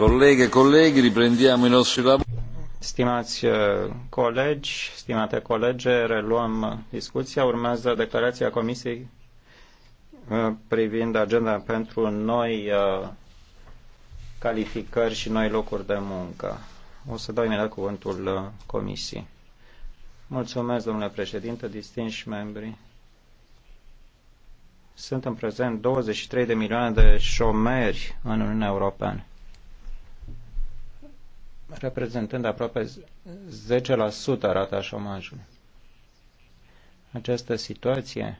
Colleghe, colleghi, riprendiamo i nostri lavori. Stimați eh, colegi, stimate colege, reluăm discuția. Urmează declarația Comisiei eh, privind agenda pentru noi eh, calificări și noi locuri de muncă. O să dau imediat cuvântul Comisiei. Mulțumesc, domnule președinte, distinși membri. Sunt în prezent 23 de milioane de șomeri în Uniunea Europeană reprezentând aproape 10% rata șomajului. Această situație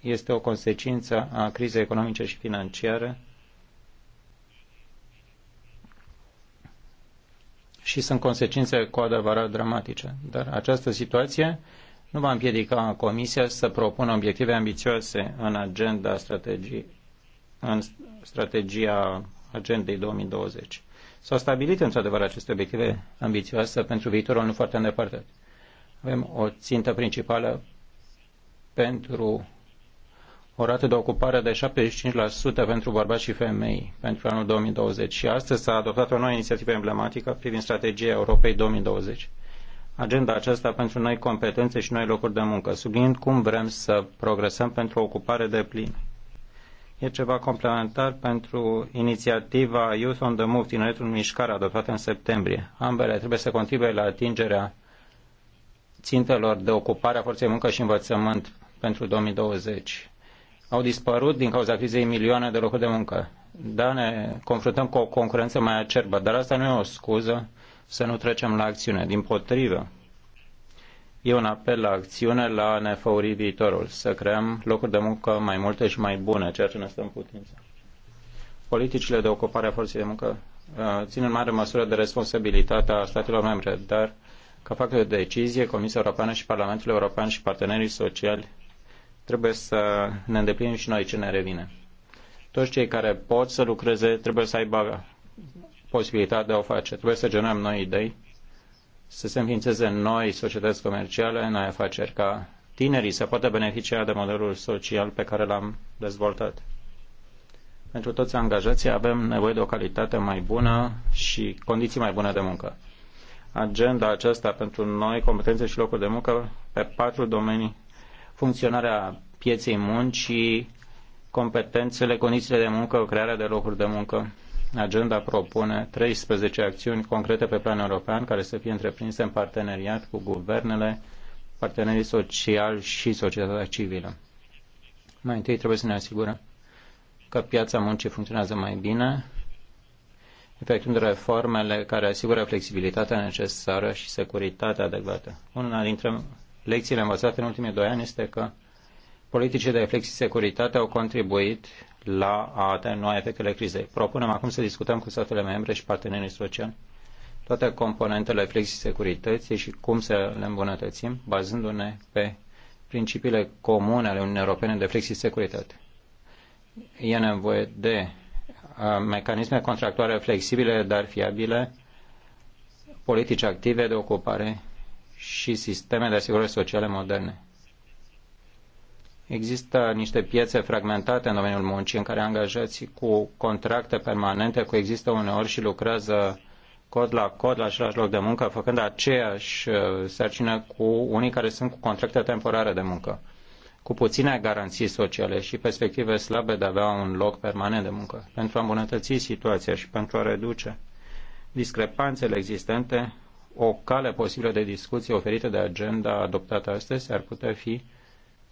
este o consecință a crizei economice și financiare și sunt consecințe cu adevărat dramatice. Dar această situație nu va împiedica Comisia să propună obiective ambițioase în agenda strategii, în strategia agendei 2020. S-au stabilit într-adevăr aceste obiective ambițioase pentru viitorul nu foarte îndepărtat. Avem o țintă principală pentru o rată de ocupare de 75% pentru bărbați și femei pentru anul 2020 și astăzi s-a adoptat o nouă inițiativă emblematică privind strategia Europei 2020. Agenda aceasta pentru noi competențe și noi locuri de muncă, subliniind cum vrem să progresăm pentru o ocupare de plină. E ceva complementar pentru inițiativa Youth on the Move, din în Mișcare, adoptată în septembrie. Ambele trebuie să contribuie la atingerea țintelor de ocupare a forței muncă și învățământ pentru 2020. Au dispărut din cauza crizei milioane de locuri de muncă. Da, ne confruntăm cu o concurență mai acerbă, dar asta nu e o scuză să nu trecem la acțiune. Din potrivă, E un apel la acțiune, la a ne făuri viitorul, să creăm locuri de muncă mai multe și mai bune, ceea ce ne stăm putință. Politicile de ocupare a forței de muncă uh, țin în mare măsură de responsabilitatea statelor membre, dar ca factor de decizie, Comisia Europeană și Parlamentul European și partenerii sociali trebuie să ne îndeplinim și noi ce ne revine. Toți cei care pot să lucreze trebuie să aibă posibilitatea de a o face. Trebuie să generăm noi idei să se înființeze noi societăți comerciale, noi afaceri, ca tinerii să poată beneficia de modelul social pe care l-am dezvoltat. Pentru toți angajații avem nevoie de o calitate mai bună și condiții mai bune de muncă. Agenda aceasta pentru noi, competențe și locuri de muncă, pe patru domenii, funcționarea pieței muncii, competențele, condițiile de muncă, crearea de locuri de muncă, Agenda propune 13 acțiuni concrete pe plan european care să fie întreprinse în parteneriat cu guvernele, partenerii sociali și societatea civilă. Mai întâi trebuie să ne asigurăm că piața muncii funcționează mai bine, efectuând reformele care asigură flexibilitatea necesară și securitatea adecvată. Una dintre lecțiile învățate în ultimii doi ani este că politicile de flexi-securitate au contribuit la a atenua efectele crizei. Propunem acum să discutăm cu statele membre și partenerii sociali toate componentele flexisecurității și cum să le îmbunătățim, bazându-ne pe principiile comune ale Uniunii Europene de flexisecuritate. E nevoie de mecanisme contractuale flexibile, dar fiabile, politici active de ocupare și sisteme de asigurări sociale moderne. Există niște piețe fragmentate în domeniul muncii în care angajații cu contracte permanente cu există uneori și lucrează cod la cod la același loc de muncă, făcând aceeași uh, sarcină cu unii care sunt cu contracte temporare de muncă, cu puține garanții sociale și perspective slabe de a avea un loc permanent de muncă. Pentru a îmbunătăți situația și pentru a reduce discrepanțele existente, o cale posibilă de discuție oferită de agenda adoptată astăzi ar putea fi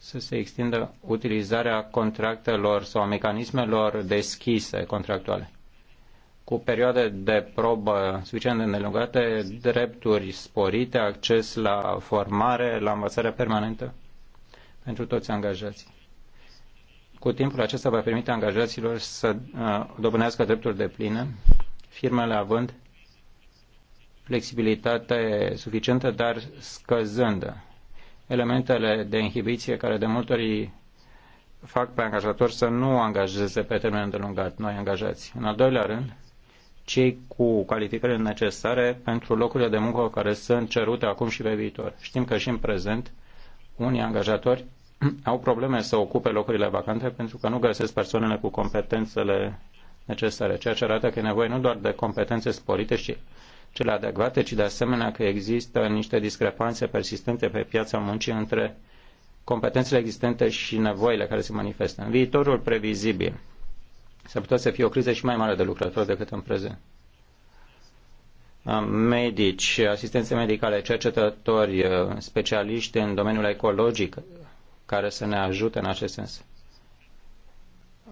să se extindă utilizarea contractelor sau mecanismelor deschise contractuale cu perioade de probă suficient de îndelungate, drepturi sporite, acces la formare, la învățare permanentă pentru toți angajații. Cu timpul acesta va permite angajaților să uh, dobânească drepturi de plină, firmele având flexibilitate suficientă, dar scăzândă elementele de inhibiție care de multe ori fac pe angajatori să nu angajeze pe termen îndelungat noi angajați. În al doilea rând, cei cu calificările necesare pentru locurile de muncă care sunt cerute acum și pe viitor. Știm că și în prezent unii angajatori au probleme să ocupe locurile vacante pentru că nu găsesc persoanele cu competențele necesare, ceea ce arată că e nevoie nu doar de competențe sporite, ci cele adecvate, ci de asemenea că există niște discrepanțe persistente pe piața muncii între competențele existente și nevoile care se manifestă. În viitorul previzibil s-ar putea să fie o criză și mai mare de lucrători decât în prezent. Medici, asistențe medicale, cercetători, specialiști în domeniul ecologic care să ne ajute în acest sens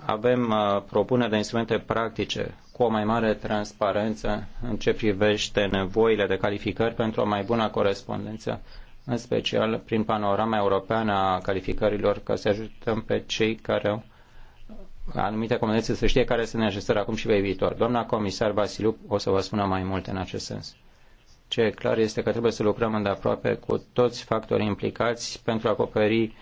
avem uh, propuneri de instrumente practice cu o mai mare transparență în ce privește nevoile de calificări pentru o mai bună corespondență, în special prin panorama europeană a calificărilor, ca să ajutăm pe cei care au uh, anumite competențe să știe care sunt necesare acum și pe viitor. Doamna comisar Vasiliu o să vă spună mai multe în acest sens. Ce e clar este că trebuie să lucrăm îndeaproape cu toți factorii implicați pentru a acoperi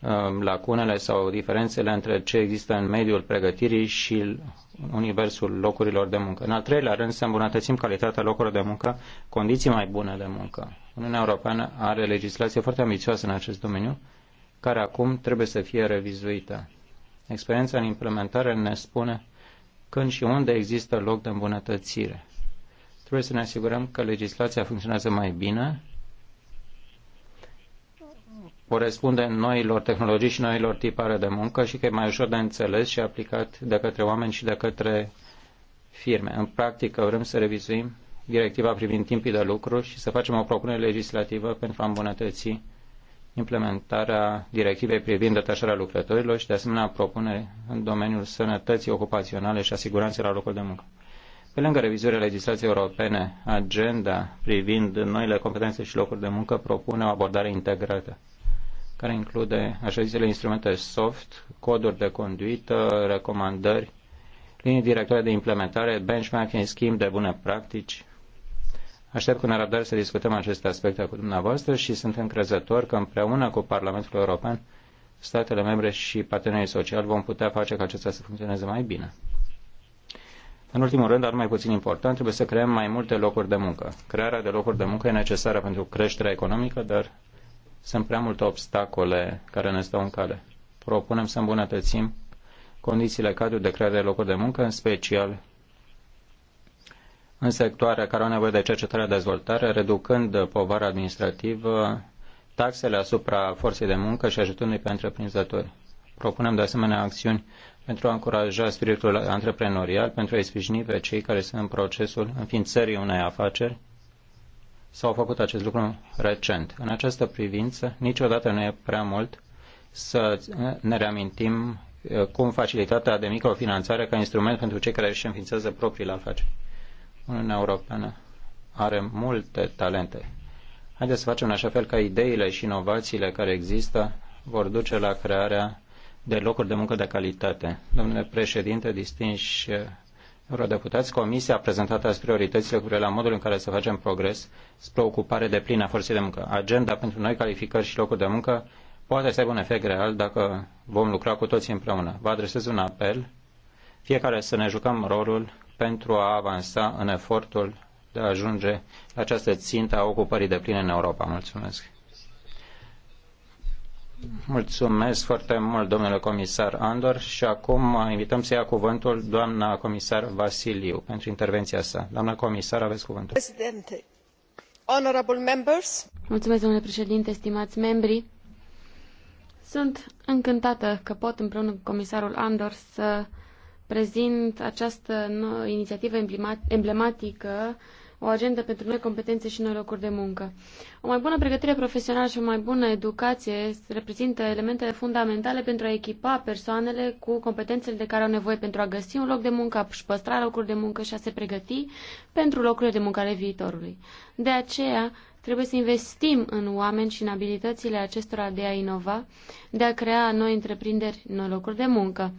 Um, lacunele sau diferențele între ce există în mediul pregătirii și universul locurilor de muncă. În al treilea rând, să îmbunătățim calitatea locurilor de muncă, condiții mai bune de muncă. Uniunea Europeană are legislație foarte ambițioasă în acest domeniu, care acum trebuie să fie revizuită. Experiența în implementare ne spune când și unde există loc de îmbunătățire. Trebuie să ne asigurăm că legislația funcționează mai bine corespunde noilor tehnologii și noilor tipare de muncă și că e mai ușor de înțeles și aplicat de către oameni și de către firme. În practică vrem să revizuim directiva privind timpii de lucru și să facem o propunere legislativă pentru a îmbunătăți implementarea directivei privind detașarea lucrătorilor și de asemenea propunere în domeniul sănătății ocupaționale și asiguranței la locul de muncă. Pe lângă revizuirea legislației europene, agenda privind noile competențe și locuri de muncă propune o abordare integrată care include așa zisele instrumente soft, coduri de conduită, recomandări, linii directoare de implementare, benchmarking, schimb de bune practici. Aștept cu nerăbdare să discutăm aceste aspecte cu dumneavoastră și sunt încrezător că împreună cu Parlamentul European, statele membre și partenerii sociali vom putea face ca acesta să funcționeze mai bine. În ultimul rând, dar mai puțin important, trebuie să creăm mai multe locuri de muncă. Crearea de locuri de muncă e necesară pentru creșterea economică, dar sunt prea multe obstacole care ne stau în cale. Propunem să îmbunătățim condițiile cadru de creare de locuri de muncă, în special în sectoare care au nevoie de cercetare, dezvoltare, reducând povara administrativă, taxele asupra forței de muncă și ajutându-i pe întreprinzători. Propunem de asemenea acțiuni pentru a încuraja spiritul antreprenorial, pentru a-i sprijini pe cei care sunt în procesul înființării unei afaceri s-au făcut acest lucru recent. În această privință, niciodată nu e prea mult să ne reamintim uh, cum facilitatea de microfinanțare ca instrument pentru cei care își înființează propriile afaceri. Uniunea Europeană are multe talente. Haideți să facem în așa fel ca ideile și inovațiile care există vor duce la crearea de locuri de muncă de calitate. Domnule președinte, distinși uh, eurodeputați, Comisia a prezentat azi prioritățile cu la modul în care să facem progres spre ocupare de plină a forței de muncă. Agenda pentru noi calificări și locuri de muncă poate să aibă un efect real dacă vom lucra cu toții împreună. Vă adresez un apel, fiecare să ne jucăm rolul pentru a avansa în efortul de a ajunge la această țintă a ocupării de în Europa. Mulțumesc! Mulțumesc foarte mult, domnule comisar Andor. Și acum invităm să ia cuvântul doamna comisar Vasiliu pentru intervenția sa. Doamna comisar, aveți cuvântul. Presidente, honorable members. Mulțumesc, domnule președinte, stimați membri. Sunt încântată că pot împreună cu comisarul Andor să prezint această nouă inițiativă emblematică o agendă pentru noi competențe și noi locuri de muncă. O mai bună pregătire profesională și o mai bună educație reprezintă elementele fundamentale pentru a echipa persoanele cu competențele de care au nevoie pentru a găsi un loc de muncă, a-și păstra locuri de muncă și a se pregăti pentru locurile de muncă ale viitorului. De aceea, trebuie să investim în oameni și în abilitățile acestora de a inova, de a crea noi întreprinderi, noi locuri de muncă.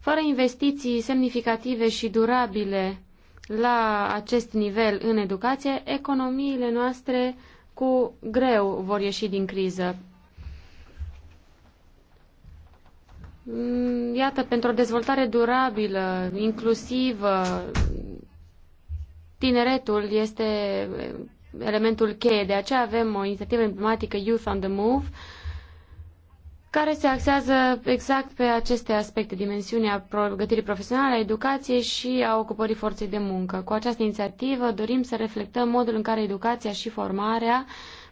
Fără investiții semnificative și durabile la acest nivel în educație, economiile noastre cu greu vor ieși din criză. Mm, iată, pentru o dezvoltare durabilă, inclusivă, uh, tineretul este elementul cheie. De aceea avem o inițiativă emblematică Youth on the Move, care se axează exact pe aceste aspecte, dimensiunea pregătirii profesionale, a educației și a ocupării forței de muncă. Cu această inițiativă dorim să reflectăm modul în care educația și formarea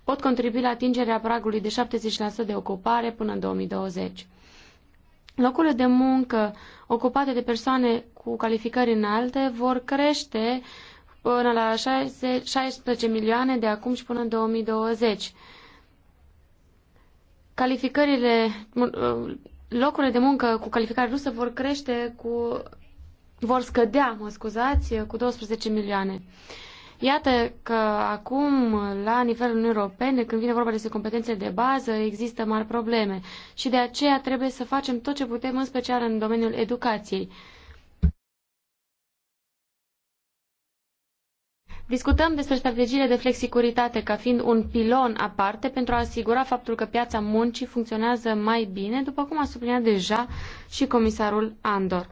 pot contribui la atingerea pragului de 70% de ocupare până în 2020. Locurile de muncă ocupate de persoane cu calificări înalte vor crește până la 16 milioane de acum și până în 2020 calificările, uh, locurile de muncă cu calificare rusă vor crește cu, vor scădea, mă scuzați, cu 12 milioane. Iată că acum, la nivelul Uniunii Europene, când vine vorba despre competențele de bază, există mari probleme și de aceea trebuie să facem tot ce putem, în special în domeniul educației. Discutăm despre strategiile de flexicuritate ca fiind un pilon aparte pentru a asigura faptul că piața muncii funcționează mai bine, după cum a subliniat deja și comisarul Andor.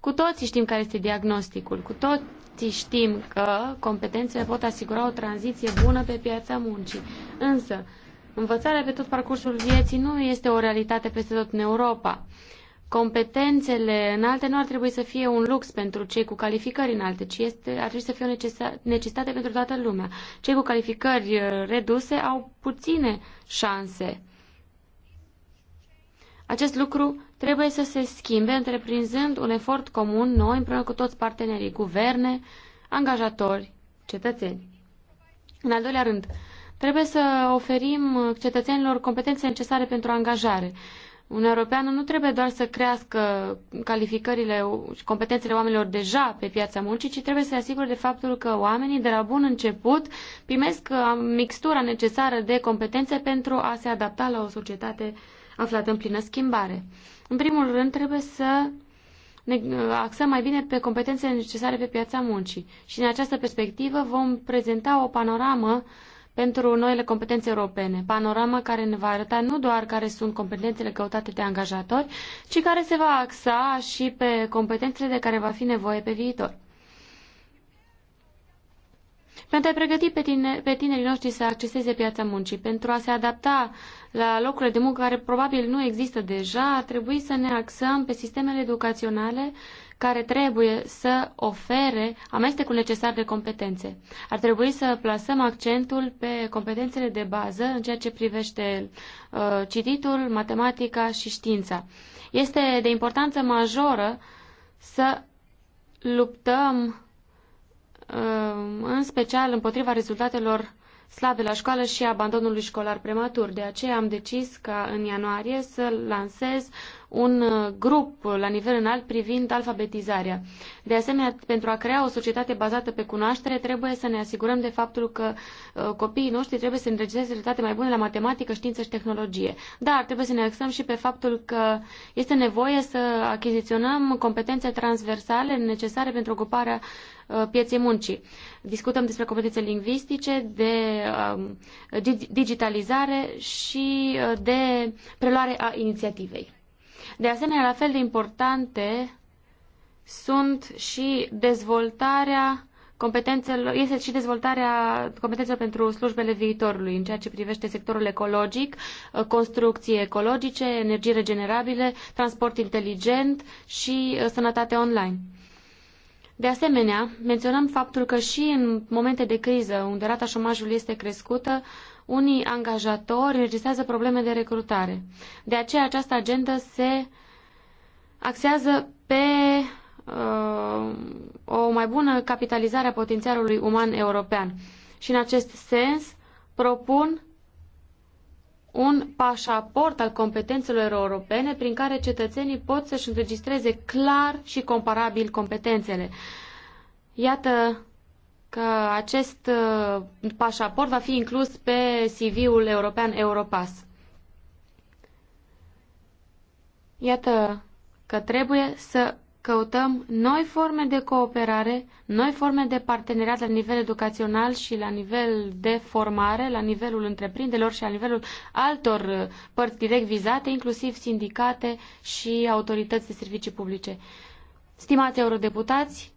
Cu toții știm care este diagnosticul, cu toții știm că competențele pot asigura o tranziție bună pe piața muncii. Însă, învățarea pe tot parcursul vieții nu este o realitate peste tot în Europa competențele înalte nu ar trebui să fie un lux pentru cei cu calificări înalte, ci este, ar trebui să fie o necesitate pentru toată lumea. Cei cu calificări uh, reduse au puține șanse. Acest lucru trebuie să se schimbe întreprinzând un efort comun noi împreună cu toți partenerii, guverne, angajatori, cetățeni. În al doilea rând, trebuie să oferim cetățenilor competențe necesare pentru angajare. Uniunea Europeană nu trebuie doar să crească calificările și competențele oamenilor deja pe piața muncii, ci trebuie să se asigure de faptul că oamenii de la bun început primesc uh, mixtura necesară de competențe pentru a se adapta la o societate aflată în plină schimbare. În primul rând, trebuie să ne uh, axăm mai bine pe competențele necesare pe piața muncii și în această perspectivă vom prezenta o panoramă uh, pentru noile competențe europene, panorama care ne va arăta nu doar care sunt competențele căutate de angajatori, ci care se va axa și pe competențele de care va fi nevoie pe viitor. Pentru a pregăti pe, tine, pe tinerii noștri să acceseze piața muncii, pentru a se adapta la locurile de muncă care probabil nu există deja, trebuie să ne axăm pe sistemele educaționale uh, care trebuie să ofere amestecul necesar de competențe. Ar trebui să plasăm accentul pe competențele de bază în ceea ce privește uh, cititul, matematica și știința. Este de importanță majoră să luptăm uh, în special împotriva rezultatelor slabe la școală și abandonului școlar prematur. De aceea am decis ca în ianuarie să lansez un uh, grup la nivel înalt privind alfabetizarea. De asemenea, pentru a crea o societate bazată pe cunoaștere, trebuie să ne asigurăm de faptul că uh, copiii noștri trebuie să înregistreze rezultate mai bune la matematică, știință și tehnologie. Dar trebuie să ne axăm și pe faptul că este nevoie să achiziționăm competențe transversale necesare pentru ocuparea uh, pieței muncii. Discutăm despre competențe lingvistice, de um, digitalizare și de preluare a inițiativei. De asemenea, la fel de importante sunt și dezvoltarea competențelor, este și dezvoltarea competențelor pentru slujbele viitorului în ceea ce privește sectorul ecologic, construcții ecologice, energii regenerabile, transport inteligent și uh, sănătate online. De asemenea, menționăm faptul că și în momente de criză, unde rata șomajului este crescută, unii angajatori înregistrează probleme de recrutare. De aceea această agendă se axează pe uh, o mai bună capitalizare a potențialului uman european. Și în acest sens propun un pașaport al competențelor europene prin care cetățenii pot să-și înregistreze clar și comparabil competențele. Iată că acest uh, pașaport va fi inclus pe CV-ul european Europass. Iată că trebuie să căutăm noi forme de cooperare, noi forme de parteneriat la nivel educațional și la nivel de formare, la nivelul întreprinderilor și la nivelul altor uh, părți direct vizate, inclusiv sindicate și autorități de servicii publice. Stimați eurodeputați,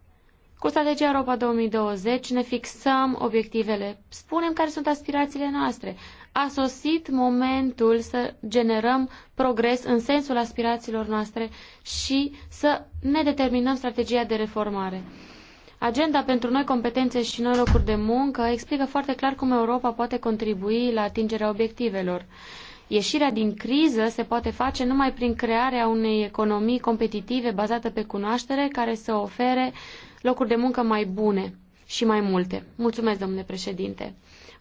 cu strategia Europa 2020 ne fixăm obiectivele, spunem care sunt aspirațiile noastre. A sosit momentul să generăm progres în sensul aspirațiilor noastre și să ne determinăm strategia de reformare. Agenda pentru noi competențe și noi locuri de muncă explică foarte clar cum Europa poate contribui la atingerea obiectivelor. Ieșirea din criză se poate face numai prin crearea unei economii competitive bazată pe cunoaștere care să ofere uh, locuri de muncă mai bune și mai multe. Mulțumesc, domnule președinte.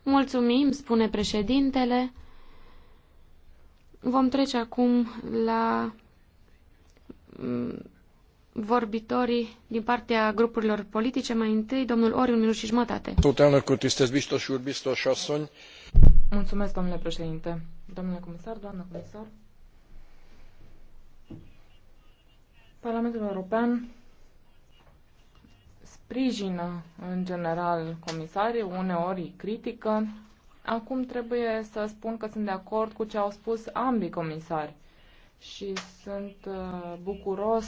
Mulțumim, spune președintele. Vom trece acum la mm, vorbitorii din partea grupurilor politice. Mai întâi, domnul Ori, un minut și jumătate. Mulțumesc, domnule președinte. Domnule comisar, doamnă comisar. Parlamentul European sprijină în general comisarii, uneori îi critică. Acum trebuie să spun că sunt de acord cu ce au spus ambii comisari și sunt uh, bucuros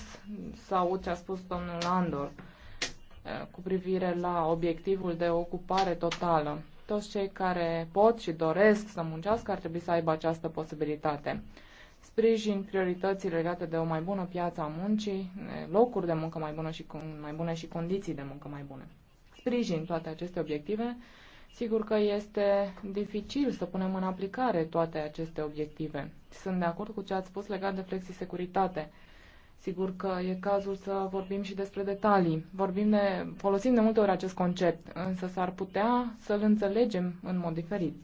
să aud ce a spus domnul Landor uh, cu privire la obiectivul de ocupare totală. Toți cei care pot și doresc să muncească ar trebui să aibă această posibilitate sprijin priorității legate de o mai bună piață a muncii, locuri de muncă mai, bună și, mai bune și condiții de muncă mai bune. Sprijin toate aceste obiective. Sigur că este dificil să punem în aplicare toate aceste obiective. Sunt de acord cu ce ați spus legat de flexisecuritate. Sigur că e cazul să vorbim și despre detalii. Vorbim de, folosim de multe ori acest concept, însă s-ar putea să-l înțelegem în mod diferit.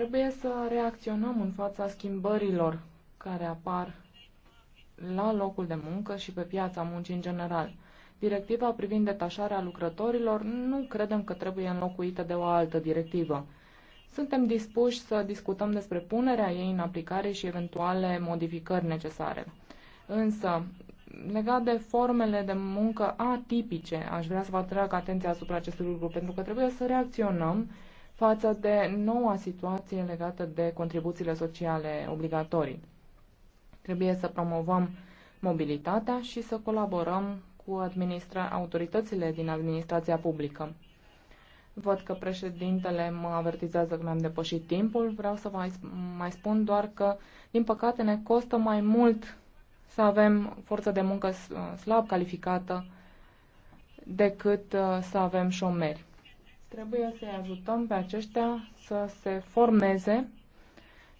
Trebuie să reacționăm în fața schimbărilor care apar la locul de muncă și pe piața muncii în general. Directiva privind detașarea lucrătorilor nu credem că trebuie înlocuită de o altă directivă. Suntem dispuși să discutăm despre punerea ei în aplicare și eventuale modificări necesare. Însă, legat de formele de muncă atipice, aș vrea să vă atrag atenția asupra acestui lucru, pentru că trebuie să reacționăm față de noua situație legată de contribuțiile sociale obligatorii. Trebuie să promovăm mobilitatea și să colaborăm cu administra- autoritățile din administrația publică. Văd că președintele mă avertizează că mi-am depășit timpul. Vreau să vă mai spun doar că, din păcate, ne costă mai mult să avem forță de muncă slab calificată decât uh, să avem șomeri. Trebuie să-i ajutăm pe aceștia să se formeze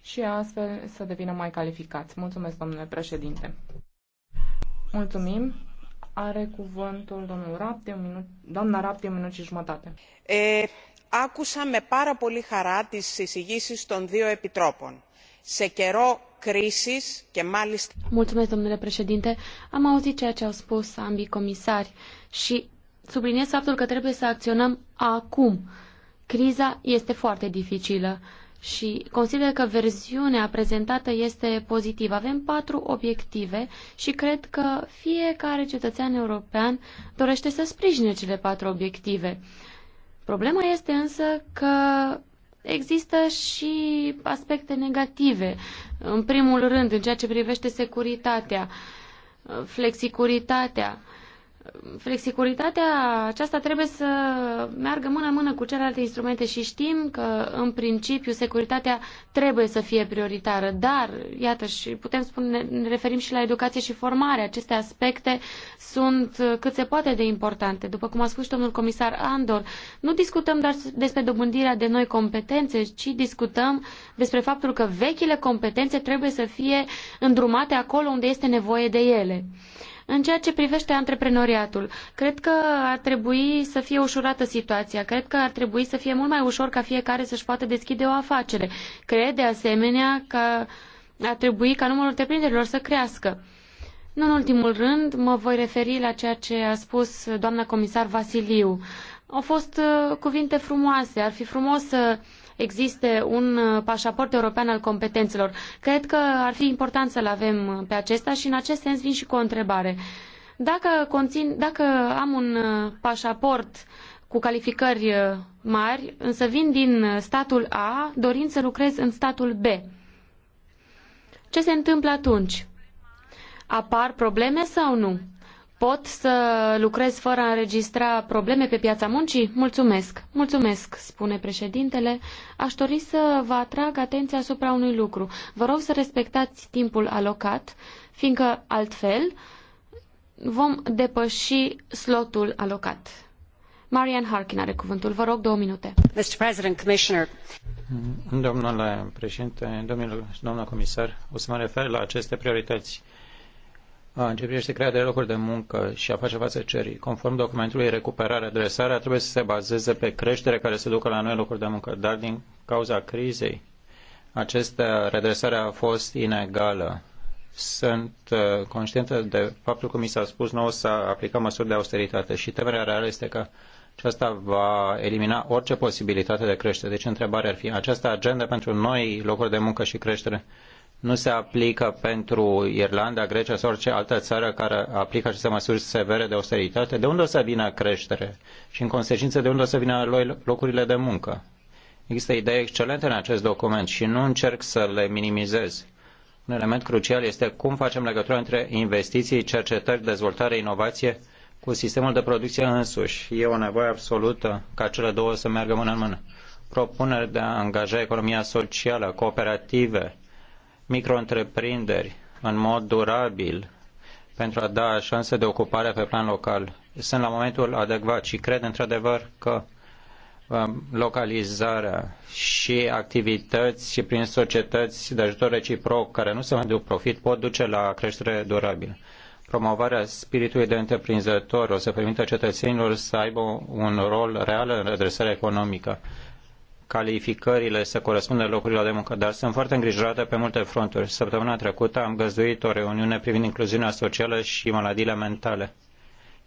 și astfel să devină mai calificați. Mulțumesc, domnule președinte. Mulțumim. Are cuvântul domnul Rapte, un minut, doamna Rapte, un minut și jumătate. E, άκουσα με πάρα πολύ χαρά τις συζητήσεις των δύο επιτρόπων. Σε καιρό κρίσης και μάλιστα... Mulțumesc, domnule președinte. Am auzit ceea ce au spus ambii comisari și subliniez faptul că trebuie să acționăm acum. Criza este foarte dificilă și consider că versiunea prezentată este pozitivă. Avem patru obiective și cred că fiecare cetățean european dorește să sprijine cele patru obiective. Problema este însă că există și aspecte negative. În primul rând, în ceea ce privește securitatea, flexicuritatea, flexicuritatea aceasta trebuie să meargă mână-mână cu celelalte instrumente și știm că, în principiu, securitatea trebuie să fie prioritară, dar, iată, și putem spune, ne referim și la educație și formare. Aceste aspecte sunt cât se poate de importante. După cum a spus și domnul comisar Andor, nu discutăm doar despre dobândirea de noi competențe, ci discutăm despre faptul că vechile competențe trebuie să fie îndrumate acolo unde este nevoie de ele. În ceea ce privește antreprenoriatul, cred că ar trebui să fie ușurată situația, cred că ar trebui să fie mult mai ușor ca fiecare să-și poată deschide o afacere. Cred, de asemenea, că ar trebui ca numărul întreprinderilor să crească. Nu în ultimul rând, mă voi referi la ceea ce a spus doamna comisar Vasiliu. Au fost uh, cuvinte frumoase, ar fi frumos să existe un uh, pașaport european al competențelor. Cred că ar fi important să-l avem pe acesta și în acest sens vin și cu o întrebare. Dacă, conțin, dacă am un uh, pașaport cu calificări uh, mari, însă vin din statul A dorind să lucrez în statul B, ce se întâmplă atunci? Apar probleme sau nu? Pot să lucrez fără a înregistra probleme pe piața muncii? Mulțumesc, mulțumesc, spune președintele. Aș dori să vă atrag atenția asupra unui lucru. Vă rog să respectați timpul alocat, fiindcă altfel vom depăși slotul alocat. Marian Harkin are cuvântul. Vă rog două minute. Mr. President, Commissioner. Domnule președinte, domnule, comisar, o să mă refer la aceste priorități a începește crearea de locuri de muncă și a face față cerii. Conform documentului recuperare adresarea trebuie să se bazeze pe creștere care se ducă la noi locuri de muncă, dar din cauza crizei această redresare a fost inegală. Sunt uh, conștientă de faptul că mi s-a spus nou să aplicăm măsuri de austeritate și temerea reală este că aceasta va elimina orice posibilitate de creștere. Deci întrebarea ar fi, această agenda pentru noi locuri de muncă și creștere nu se aplică pentru Irlanda, Grecia sau orice altă țară care aplică aceste măsuri severe de austeritate, de unde o să vină creștere și, în consecință, de unde o să vină locurile de muncă? Există idei excelente în acest document și nu încerc să le minimizez. Un element crucial este cum facem legătura între investiții, cercetări, dezvoltare, inovație cu sistemul de producție însuși. E o nevoie absolută ca cele două să meargă mână în mână. Propuneri de a angaja economia socială, cooperative, micro-întreprinderi în mod durabil pentru a da șanse de ocupare pe plan local. Sunt la momentul adecvat și cred într-adevăr că um, localizarea și activități prin societăți de ajutor reciproc care nu se mai duc profit pot duce la creștere durabilă. Promovarea spiritului de întreprinzător o să permită cetățenilor să aibă un rol real în redresarea economică calificările să corespundă locurilor de muncă, dar sunt foarte îngrijorată pe multe fronturi. Săptămâna trecută am găzduit o reuniune privind incluziunea socială și maladiile mentale.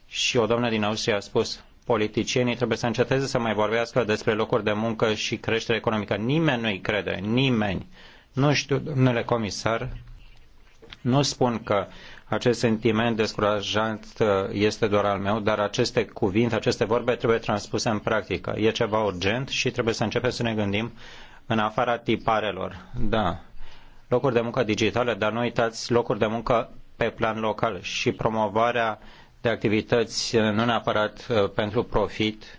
Și o doamnă din Austria a spus, politicienii trebuie să înceteze să mai vorbească despre locuri de muncă și creștere economică. Nimeni nu-i crede, nimeni. Nu știu, domnule comisar, nu spun că acest sentiment descurajant uh, este doar al meu, dar aceste cuvinte, aceste vorbe trebuie transpuse în practică. E ceva urgent și trebuie să începem să ne gândim în afara tiparelor. Da, locuri de muncă digitale, dar nu uitați locuri de muncă pe plan local și promovarea de activități uh, nu neapărat uh, pentru profit,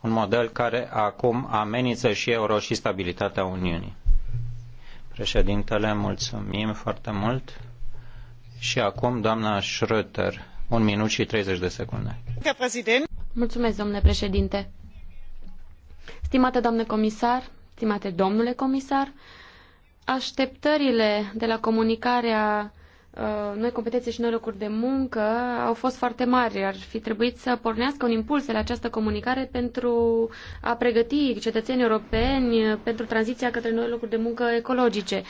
un model care acum amenință și euro și stabilitatea Uniunii. Președintele, mulțumim foarte mult. Și acum, doamna Schröter, un minut și 30 de secunde. Mulțumesc, domnule președinte. Stimată doamnă comisar, stimate domnule comisar, așteptările de la comunicarea uh, noi competențe și noi locuri de muncă au fost foarte mari. Ar fi trebuit să pornească un impuls la această comunicare pentru a pregăti cetățenii europeni pentru tranziția către noi locuri de muncă ecologice.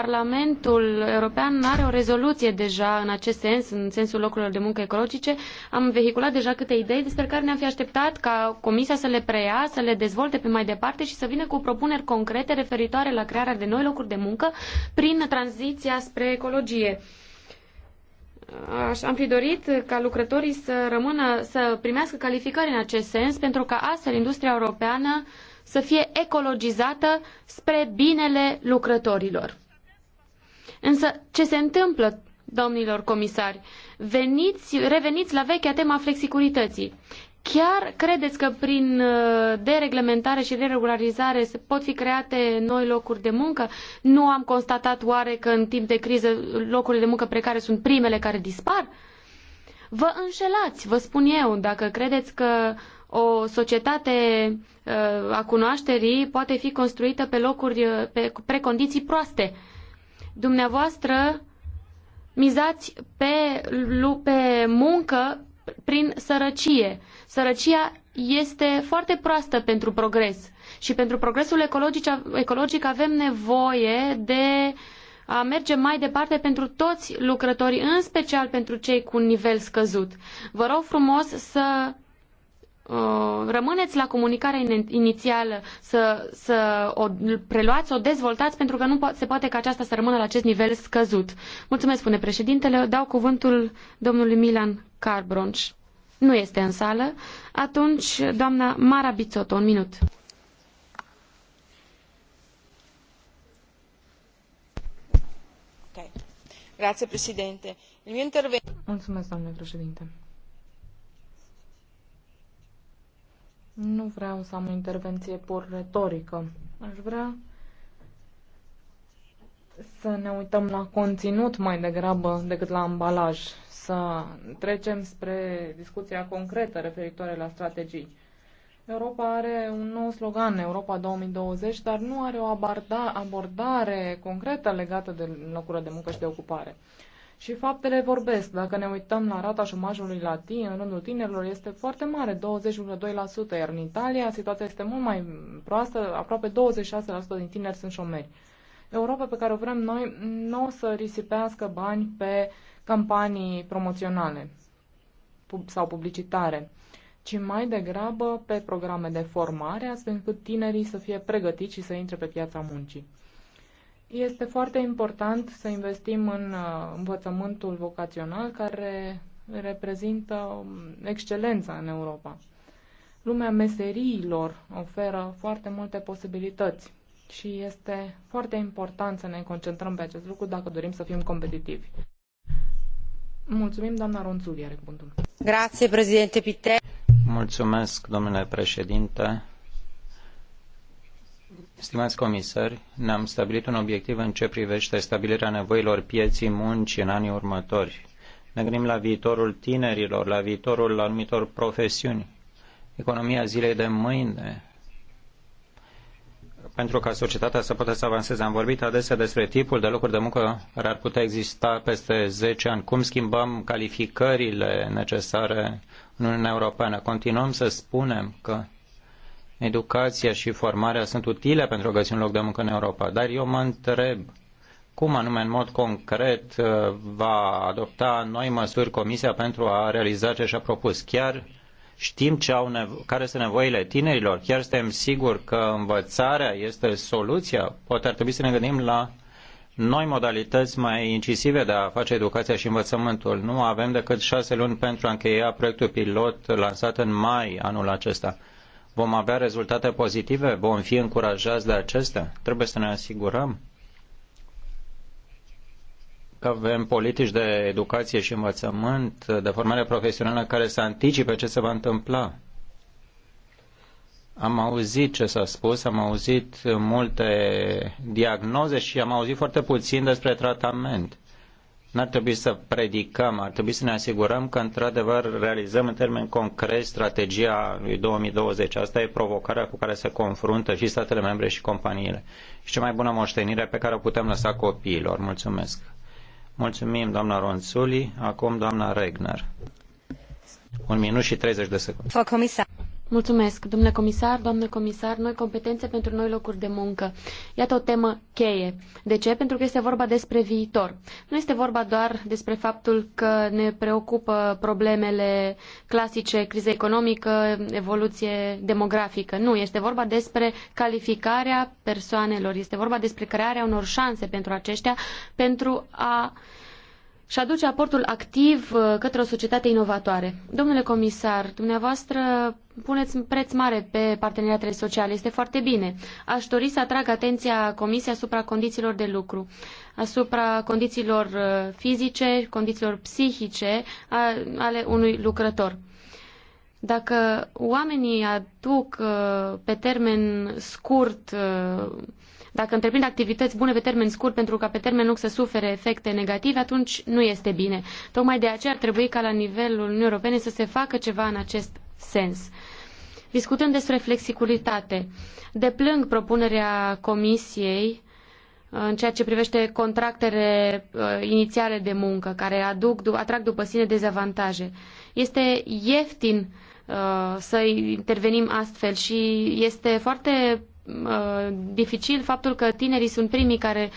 Parlamentul European are o rezoluție deja în acest sens, în sensul locurilor de muncă ecologice. Am vehiculat deja câte idei despre care ne-am fi așteptat ca Comisia să le preia, să le dezvolte pe mai departe și să vină cu propuneri concrete referitoare la crearea de noi locuri de muncă prin tranziția spre ecologie. Aș, am fi dorit ca lucrătorii să rămână, să primească calificări în acest sens, pentru ca astfel industria europeană să fie ecologizată spre binele lucrătorilor. Însă, ce se întâmplă, domnilor comisari? Veniți, reveniți la vechea tema flexicurității. Chiar credeți că prin uh, dereglementare și deregularizare se pot fi create noi locuri de muncă? Nu am constatat oare că în timp de criză locurile de muncă precare sunt primele care dispar? Vă înșelați, vă spun eu, dacă credeți că o societate uh, a cunoașterii poate fi construită pe locuri, uh, pe precondiții proaste. Dumneavoastră mizați pe, pe muncă prin sărăcie. Sărăcia este foarte proastă pentru progres și pentru progresul ecologic, ecologic avem nevoie de a merge mai departe pentru toți lucrătorii, în special pentru cei cu un nivel scăzut. Vă rog frumos să Uh, rămâneți la comunicarea inițială, să, să o preluați, o dezvoltați, pentru că nu se poate ca aceasta să rămână la acest nivel scăzut. Mulțumesc, spune președintele. Dau cuvântul domnului Milan Carbronș. Nu este în sală. Atunci, doamna Mara Bițotto, un minut. Okay. Grazie, Mulțumesc, domnule președinte. Nu vreau să am o intervenție pur retorică. Aș vrea să ne uităm la conținut mai degrabă decât la ambalaj, să trecem spre discuția concretă referitoare la strategii. Europa are un nou slogan, Europa 2020, dar nu are o abordare concretă legată de locurile de muncă și de ocupare. Și faptele vorbesc. Dacă ne uităm la rata șomajului la tine, în rândul tinerilor este foarte mare, 20,2%, iar în Italia situația este mult mai proastă, aproape 26% din tineri sunt șomeri. Europa pe care o vrem noi nu o să risipească bani pe campanii promoționale sau publicitare, ci mai degrabă pe programe de formare, astfel încât tinerii să fie pregătiți și să intre pe piața muncii. Este foarte important să investim în uh, învățământul vocațional care reprezintă um, excelența în Europa. Lumea meseriilor oferă foarte multe posibilități și este foarte important să ne concentrăm pe acest lucru dacă dorim să fim competitivi. Mulțumim, doamna Ronțuri, are cuvântul. Grație, președinte Pite. Mulțumesc, domnule președinte. Stimați comisari, ne-am stabilit un obiectiv în ce privește stabilirea nevoilor pieții muncii în anii următori. Ne gândim la viitorul tinerilor, la viitorul anumitor profesiuni, economia zilei de mâine, pentru ca societatea să poată să avanseze. Am vorbit adesea despre tipul de locuri de muncă care ar putea exista peste 10 ani, cum schimbăm calificările necesare în Uniunea Europeană. Continuăm să spunem că educația și formarea sunt utile pentru a găsi un loc de muncă în Europa, dar eu mă întreb cum anume în mod concret uh, va adopta noi măsuri Comisia pentru a realiza ce și-a propus. Chiar știm ce au nevo- care sunt nevoile tinerilor, chiar suntem siguri că învățarea este soluția. Poate ar trebui să ne gândim la noi modalități mai incisive de a face educația și învățământul. Nu avem decât șase luni pentru a încheia proiectul pilot lansat în mai anul acesta. Vom avea rezultate pozitive? Vom fi încurajați de acestea? Trebuie să ne asigurăm că avem politici de educație și învățământ, de formare profesională care să anticipe ce se va întâmpla. Am auzit ce s-a spus, am auzit multe diagnoze și am auzit foarte puțin despre tratament. N-ar trebui să predicăm, ar trebui să ne asigurăm că într-adevăr realizăm în termeni concret strategia lui 2020. Asta e provocarea cu care se confruntă și statele membre și companiile. Și cea mai bună moștenire pe care o putem lăsa copiilor. Mulțumesc. Mulțumim, doamna Ronțuli. Acum, doamna Regner. Un minut și 30 de secunde. Comisar. Mulțumesc, domnule comisar, doamnă comisar, noi competențe pentru noi locuri de muncă. Iată o temă cheie. De ce? Pentru că este vorba despre viitor. Nu este vorba doar despre faptul că ne preocupă problemele clasice, criză economică, evoluție demografică. Nu, este vorba despre calificarea persoanelor, este vorba despre crearea unor șanse pentru aceștia pentru a și aduce aportul activ uh, către o societate inovatoare. Domnule comisar, dumneavoastră puneți preț mare pe parteneriatele sociale. Este foarte bine. Aș dori să atrag atenția Comisiei asupra condițiilor de lucru, asupra condițiilor uh, fizice, condițiilor psihice ale unui lucrător. Dacă oamenii aduc uh, pe termen scurt dacă întreprind activități bune pe termen scurt pentru ca pe termen lung să sufere efecte negative, atunci nu este bine. Tocmai de aceea ar trebui ca la nivelul Uniunii Europene să se facă ceva în acest sens. Discutând despre flexicuritate, deplâng propunerea Comisiei uh, în ceea ce privește contractele uh, inițiale de muncă, care aduc, atrag după sine dezavantaje. Este ieftin uh, să intervenim astfel și este foarte Uh, dificil faptul că tinerii sunt primii care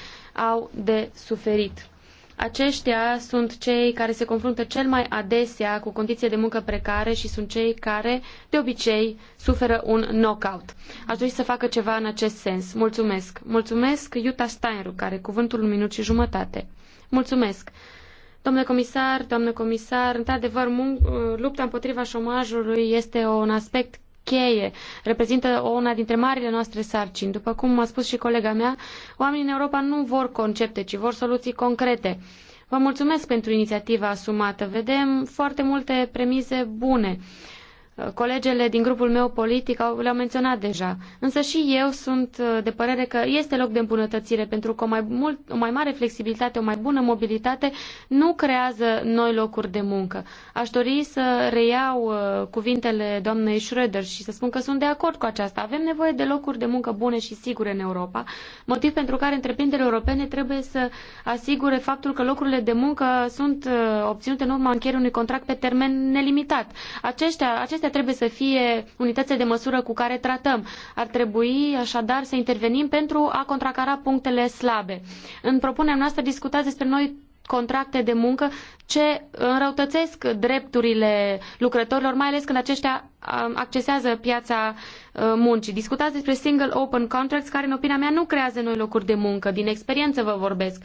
au de suferit. Aceștia sunt cei care se confruntă cel mai adesea cu condiții de muncă precare și sunt cei care, de obicei, suferă un knockout. Aș dori să facă ceva în acest sens. Mulțumesc. Mulțumesc Iuta Steinru, care cuvântul un minut și jumătate. Mulțumesc. Domnule comisar, doamnă comisar, într-adevăr, lupta împotriva șomajului este un aspect cheie, reprezintă una dintre marile noastre sarcini. După cum a spus și colega mea, oamenii în Europa nu vor concepte, ci vor soluții concrete. Vă mulțumesc pentru inițiativa asumată. Vedem foarte multe premize bune. Colegele din grupul meu politic au, le-au menționat deja. Însă și eu sunt uh, de părere că este loc de îmbunătățire, pentru că o mai, mult, o mai mare flexibilitate, o mai bună mobilitate nu creează noi locuri de muncă. Aș dori să reiau uh, cuvintele doamnei Schröder și să spun că sunt de acord cu aceasta. Avem nevoie de locuri de muncă bune și sigure în Europa, motiv pentru care întreprinderile europene trebuie să asigure faptul că locurile de muncă sunt uh, obținute în urma încheierii unui contract pe termen nelimitat. Aceștia, aceste acestea trebuie să fie unitățile de măsură cu care tratăm. Ar trebui așadar să intervenim pentru a contracara punctele slabe. În propunerea noastră discutați despre noi contracte de muncă ce înrăutățesc drepturile lucrătorilor, mai ales când aceștia um, accesează piața uh, muncii. Discutați despre single open contracts care, în opinia mea, nu creează noi locuri de muncă. Din experiență vă vorbesc.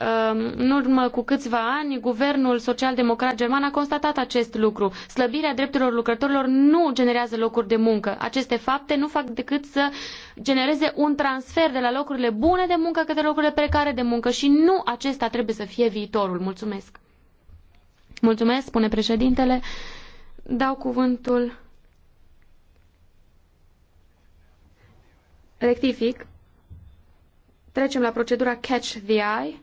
Um, în urmă cu câțiva ani, guvernul social-democrat german a constatat acest lucru. Slăbirea drepturilor lucrătorilor nu generează locuri de muncă. Aceste fapte nu fac decât să genereze un transfer de la locurile bune de muncă către locurile precare de muncă și nu acesta trebuie să fie viitorul. Mulțumesc. Mulțumesc, spune președintele. Dau cuvântul. Rectific. Trecem la procedura Catch the Eye.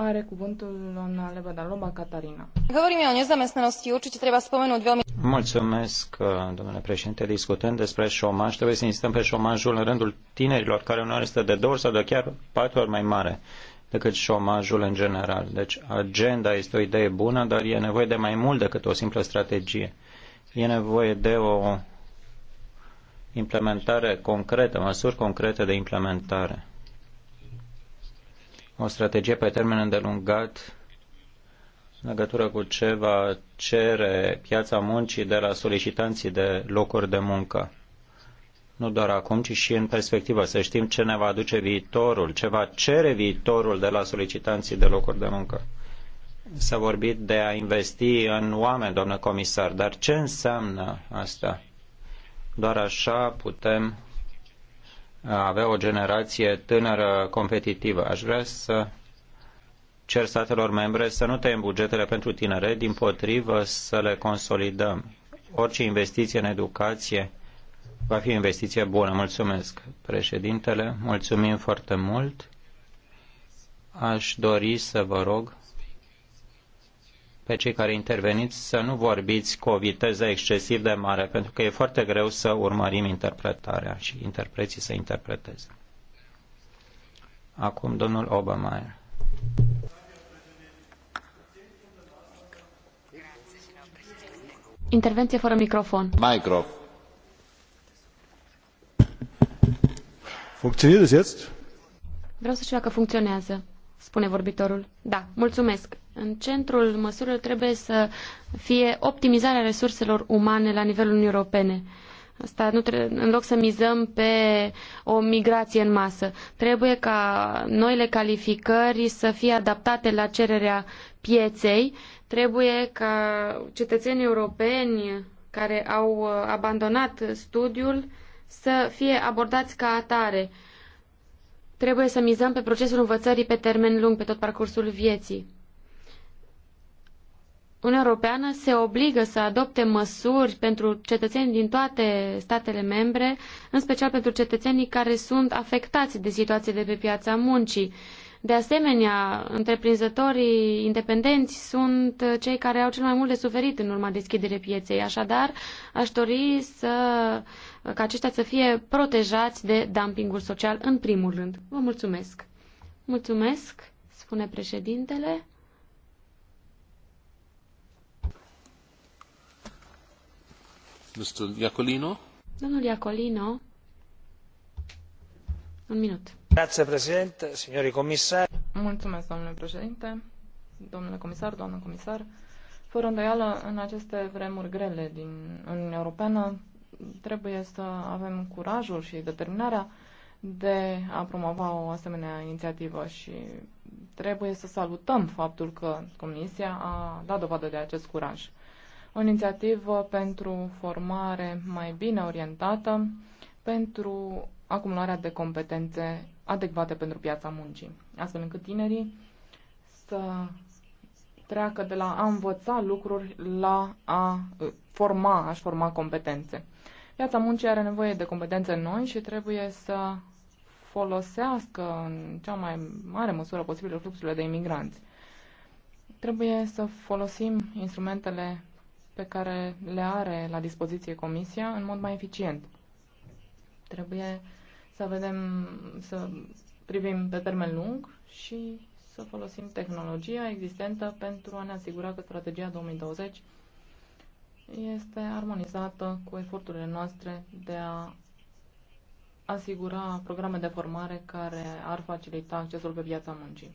Are cuvântul doamna loba Catarina. Vorbim o nezamestnanosti, určite trebuie spomenut veľmi... Mulțumesc, uh, domnule președinte. Discutând despre șomaj, trebuie să insistăm pe șomajul în rândul tinerilor, care uneori este de două ori sau de chiar patru ori mai mare decât șomajul în general. Deci agenda este o idee bună, dar e nevoie de mai mult decât o simplă strategie. E nevoie de o implementare concretă, măsuri concrete de implementare o strategie pe termen îndelungat în legătură cu ce va cere piața muncii de la solicitanții de locuri de muncă. Nu doar acum, ci și în perspectivă, să știm ce ne va aduce viitorul, ce va cere viitorul de la solicitanții de locuri de muncă. S-a vorbit de a investi în oameni, doamnă comisar, dar ce înseamnă asta? Doar așa putem avea o generație tânără competitivă. Aș vrea să cer statelor membre să nu tăiem bugetele pentru tinere, din potrivă să le consolidăm. Orice investiție în educație va fi o investiție bună. Mulțumesc, președintele. Mulțumim foarte mult. Aș dori să vă rog pe cei care interveniți să nu vorbiți cu o viteză excesiv de mare, pentru că e foarte greu să urmărim interpretarea și interpreții să interpreteze. Acum domnul Obermeier. Intervenție fără microfon. Micro. Funcționează Vreau să știu dacă funcționează, spune vorbitorul. Da, mulțumesc. În centrul măsurilor trebuie să fie optimizarea resurselor umane la nivelul Uniunii Europene. Asta nu trebuie, în loc să mizăm pe o migrație în masă. Trebuie ca noile calificări să fie adaptate la cererea pieței. Trebuie ca cetățenii europeni care au uh, abandonat studiul să fie abordați ca atare. Trebuie să mizăm pe procesul învățării pe termen lung, pe tot parcursul vieții. Uniunea Europeană se obligă să adopte măsuri pentru cetățenii din toate statele membre, în special pentru cetățenii care sunt afectați de situații de pe piața muncii. De asemenea, întreprinzătorii independenți sunt cei care au cel mai mult de suferit în urma deschiderii pieței. Așadar, aș dori să, ca aceștia să fie protejați de dumpingul social în primul rând. Vă mulțumesc! Mulțumesc, spune președintele. Domnul Un minut. Mulțumesc, domnule președinte, domnule comisar, doamnă comisar. Fără îndoială, în aceste vremuri grele din Uniunea Europeană, trebuie să avem curajul și determinarea de a promova o asemenea inițiativă și trebuie să salutăm faptul că Comisia a dat dovadă de acest curaj o inițiativă pentru formare mai bine orientată, pentru acumularea de competențe adecvate pentru piața muncii, astfel încât tinerii să treacă de la a învăța lucruri la a uh, forma, aș forma competențe. Piața muncii are nevoie de competențe noi și trebuie să folosească în cea mai mare măsură posibilă fluxurile de imigranți. Trebuie să folosim instrumentele pe care le are la dispoziție Comisia în mod mai eficient. Trebuie să vedem, să privim pe termen lung și să folosim tehnologia existentă pentru a ne asigura că strategia 2020 este armonizată cu eforturile noastre de a asigura programe de formare care ar facilita accesul pe piața muncii.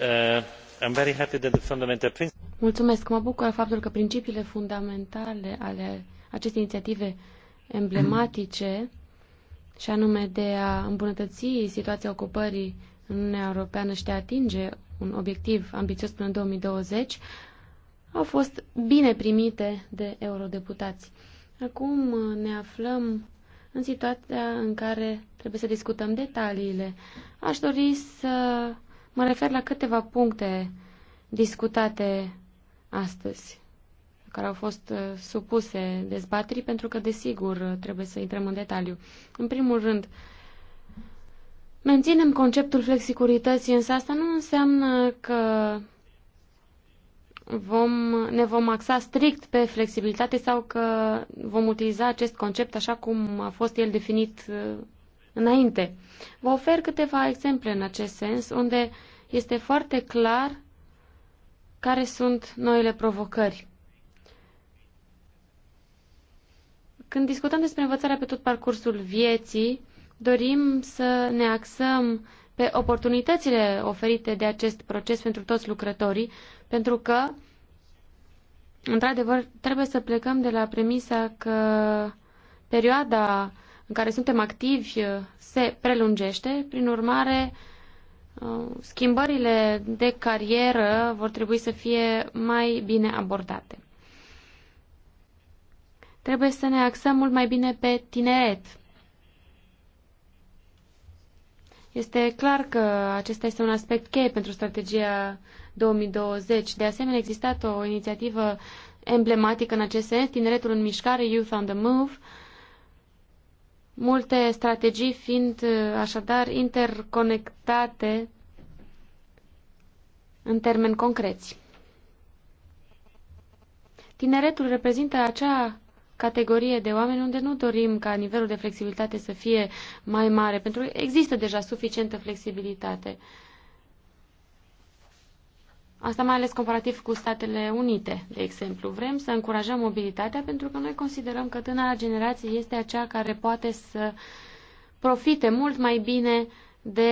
Uh, Mulțumesc. Mă bucură faptul că principiile fundamentale ale acestei inițiative emblematice, și anume de a îmbunătăți situația ocupării în Uniunea Europeană și de a atinge un obiectiv ambițios până în 2020, au fost bine primite de eurodeputați. Acum ne aflăm în situația în care trebuie să discutăm detaliile. Aș dori să Mă refer la câteva puncte discutate astăzi, care au fost uh, supuse dezbaterii, pentru că, desigur, trebuie să intrăm în detaliu. În primul rând, menținem conceptul flexicurității, însă asta nu înseamnă că vom, ne vom axa strict pe flexibilitate sau că vom utiliza acest concept așa cum a fost el definit uh, înainte. Vă ofer câteva exemple în acest sens, unde este foarte clar care sunt noile provocări. Când discutăm despre învățarea pe tot parcursul vieții, dorim să ne axăm pe oportunitățile oferite de acest proces pentru toți lucrătorii, pentru că, într-adevăr, trebuie să plecăm de la premisa că perioada în care suntem activi uh, se prelungește. Prin urmare, uh, schimbările de carieră vor trebui să fie mai bine abordate. Trebuie să ne axăm mult mai bine pe tineret. Este clar că acesta este un aspect cheie pentru strategia 2020. De asemenea, a existat o inițiativă emblematică în acest sens, Tineretul în Mișcare, Youth on the Move, multe strategii fiind uh, așadar interconectate în termeni concreți. Tineretul reprezintă acea categorie de oameni unde nu dorim ca nivelul de flexibilitate să fie mai mare, pentru că există deja suficientă flexibilitate. Uh, Asta mai ales comparativ cu Statele Unite, de exemplu. Vrem să încurajăm mobilitatea pentru că noi considerăm că tânăra generație este aceea care poate să profite mult mai bine de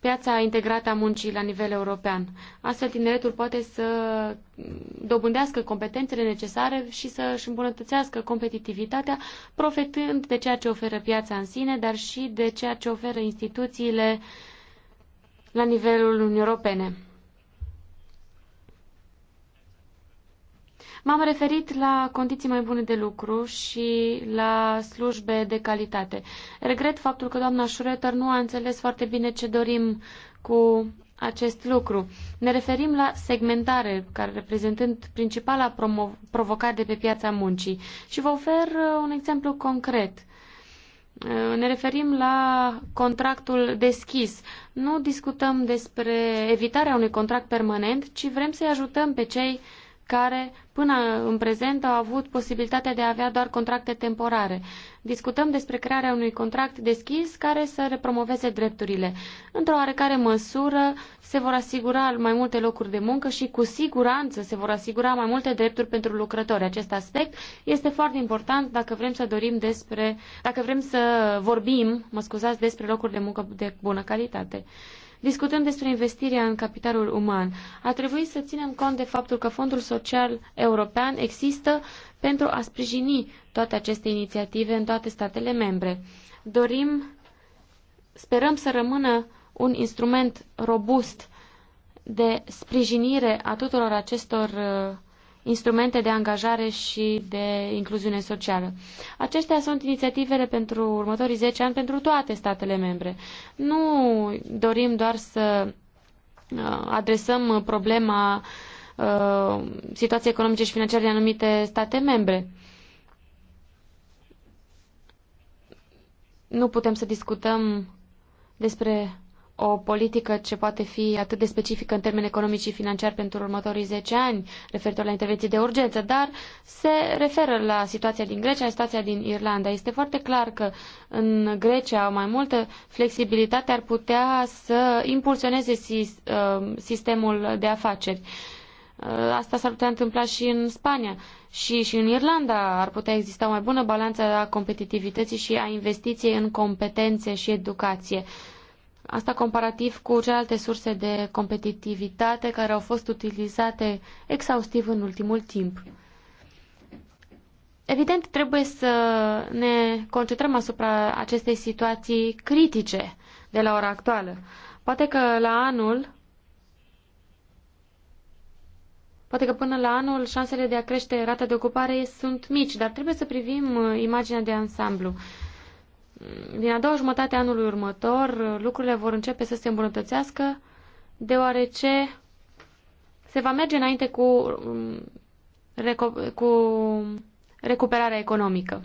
piața integrată a muncii la nivel european. Astfel, tineretul poate să dobândească competențele necesare și să își îmbunătățească competitivitatea, profetând de ceea ce oferă piața în sine, dar și de ceea ce oferă instituțiile la nivelul Uniunii Europene. M-am referit la condiții mai bune de lucru și la slujbe de calitate. Regret faptul că doamna Schureter nu a înțeles foarte bine ce dorim cu acest lucru. Ne referim la segmentare, care reprezentând principala provocare de pe piața muncii. Și vă ofer uh, un exemplu concret. Uh, ne referim la contractul deschis. Nu discutăm despre evitarea unui contract permanent, ci vrem să-i ajutăm pe cei care până în prezent au avut posibilitatea de a avea doar contracte temporare. Discutăm despre crearea unui contract deschis care să repromoveze drepturile. Într-o oarecare măsură se vor asigura mai multe locuri de muncă și cu siguranță se vor asigura mai multe drepturi pentru lucrători. Acest aspect este foarte important dacă vrem să dorim despre, dacă vrem să vorbim, mă scuzați, despre locuri de muncă de bună calitate. Discutăm despre investirea în capitalul uman. Ar trebui să ținem cont de faptul că Fondul Social European există pentru a sprijini toate aceste inițiative în toate statele membre. Dorim, sperăm să rămână un instrument robust de sprijinire a tuturor acestor uh, instrumente de angajare și de incluziune socială. Acestea sunt inițiativele pentru următorii 10 ani pentru toate statele membre. Nu dorim doar să uh, adresăm problema uh, situației economice și financiare de anumite state membre. Nu putem să discutăm despre o politică ce poate fi atât de specifică în termeni economici și financiari pentru următorii 10 ani, referitor la intervenții de urgență, dar se referă la situația din Grecia, la situația din Irlanda. Este foarte clar că în Grecia o mai multă flexibilitate ar putea să impulsioneze uh, sistemul de afaceri. Uh, asta s-ar putea întâmpla și în Spania și, și în Irlanda ar putea exista o mai bună balanță a competitivității și a investiției în competențe și educație. Asta comparativ cu celelalte surse de competitivitate care au fost utilizate exhaustiv în ultimul timp. Evident, trebuie să ne concentrăm asupra acestei situații critice de la ora actuală. Poate că la anul Poate că până la anul șansele de a crește rata de ocupare sunt mici, dar trebuie să privim uh, imaginea de ansamblu din a doua jumătate a anului următor, lucrurile vor începe să se îmbunătățească, deoarece se va merge înainte cu, um, cu recuperarea economică.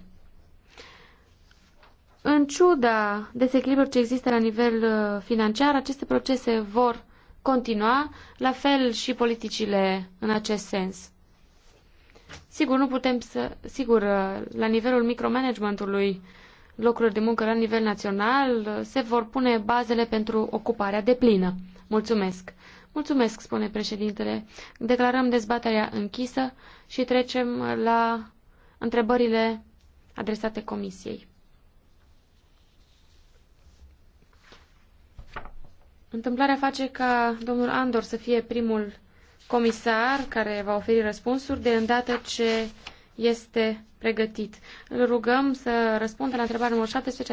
În ciuda dezechilibrelor ce există la nivel uh, financiar, aceste procese vor continua, la fel și politicile în acest sens. Sigur, nu putem să. Sigur, uh, la nivelul micromanagementului locurilor de muncă la nivel național, se vor pune bazele pentru ocuparea deplină. Mulțumesc! Mulțumesc, spune președintele. Declarăm dezbaterea închisă și trecem la întrebările adresate comisiei. Întâmplarea face ca domnul Andor să fie primul comisar care va oferi răspunsuri de îndată ce este pregătit. Îl rugăm să răspundă la întrebarea numărul 17